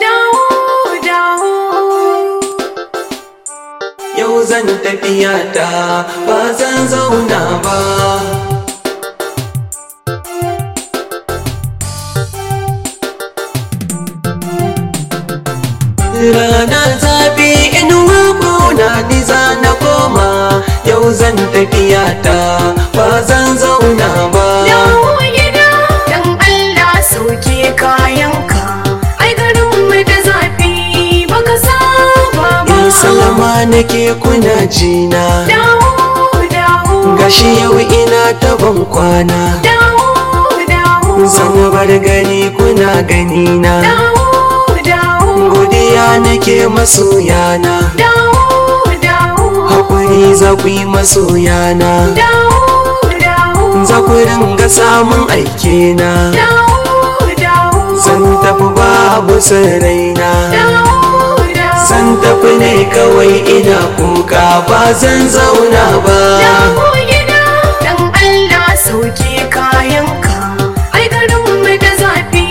Dawo, dawo. Yau zan tafiya ta ba zan zauna ba. Rana zafi in na ni na koma, yau zan tafiya ta ba zan zauna ba. jina gashi yau ina ta kwana zan bar gani kuna gani na godiya nake masoyana hakuri za ku yi masoyana za ku ringa samun aike na zan tafi babu saraina zan tafi ne kawai ina kuka ba zan zauna ba dawo gida dan Allah sauke kayanka ai garin mai zafi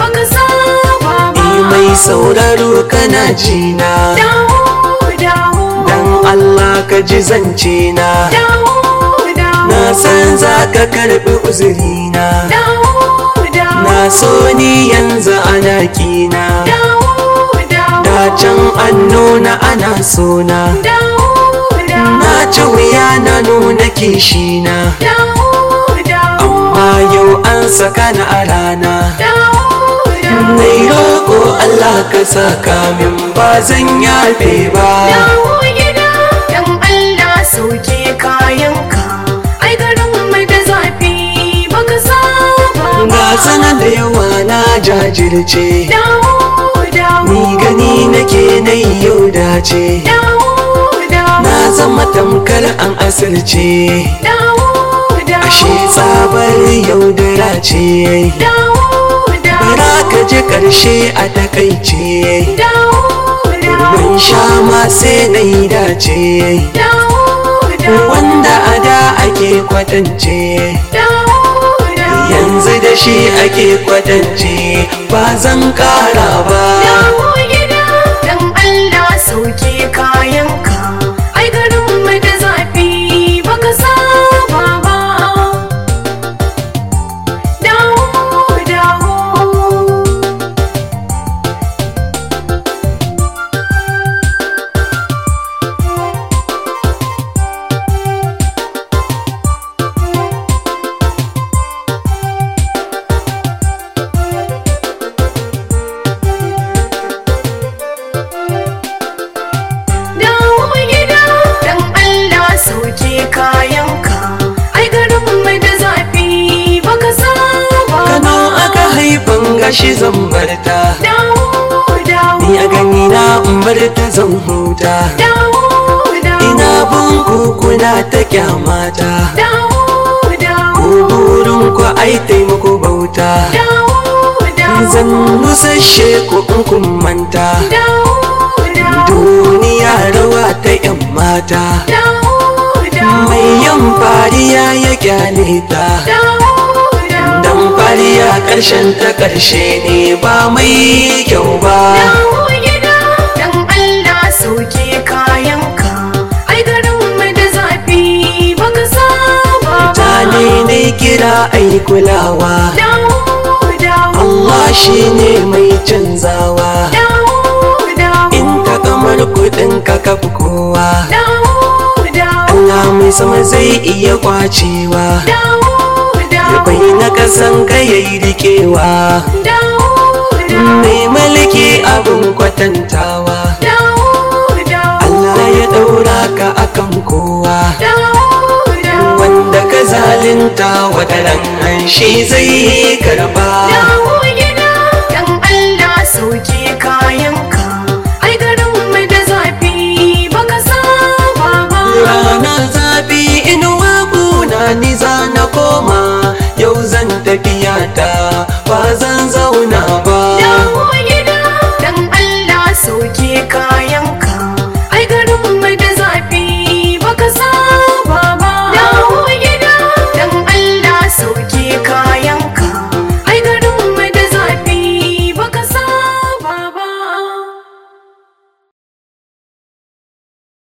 baka saba ba mai sauraro kana jina dawo dawo dan Allah ka ji zance na dawo dawo na san zaka karbi uzurina dawo dawo na so ni yanzu ana kina dawo da can an nuna ana sona na ci wuya na nuna kishina amma yau an saka na a rana mai roƙo Allah ka saka min ba zan yafe ba dan Allah sauke kayan ka, garin mai da zafi da yawa na jajirce dawo ni gani nake na yau dace na zama tamkar an asirce ashe tsabar yaudara ce bara ka je ƙarshe a takaice ban sha ma sai na yi dace wanda a da ake kwatance yanzu da shi ake kwatance ba zan kara ba tashi zan barta ni a gani na in barta zan huta ina bin kukuna ta kyamata ku burin ku ai taimako bauta zan musashe ku in kun manta duniya rawa ta yan mata mai yan fariya ya kyale ta ƙarshen ta ƙarshe ne ba mai kyau ba dawo gida dan Allah sauke kayanka ai garin mai da zafi baka saba mutane ne kira ai kulawa dawo dawo Allah shine mai canzawa dawo dawo in ka kamar kudin ka kafi kowa dawo dawo Allah mai sama zai iya kwacewa akwai na kasan yayi rikewa mai maliki abin kwatantawa Allah ya daura ka akan kowa wanda ka zalinta wadanan shi zai karba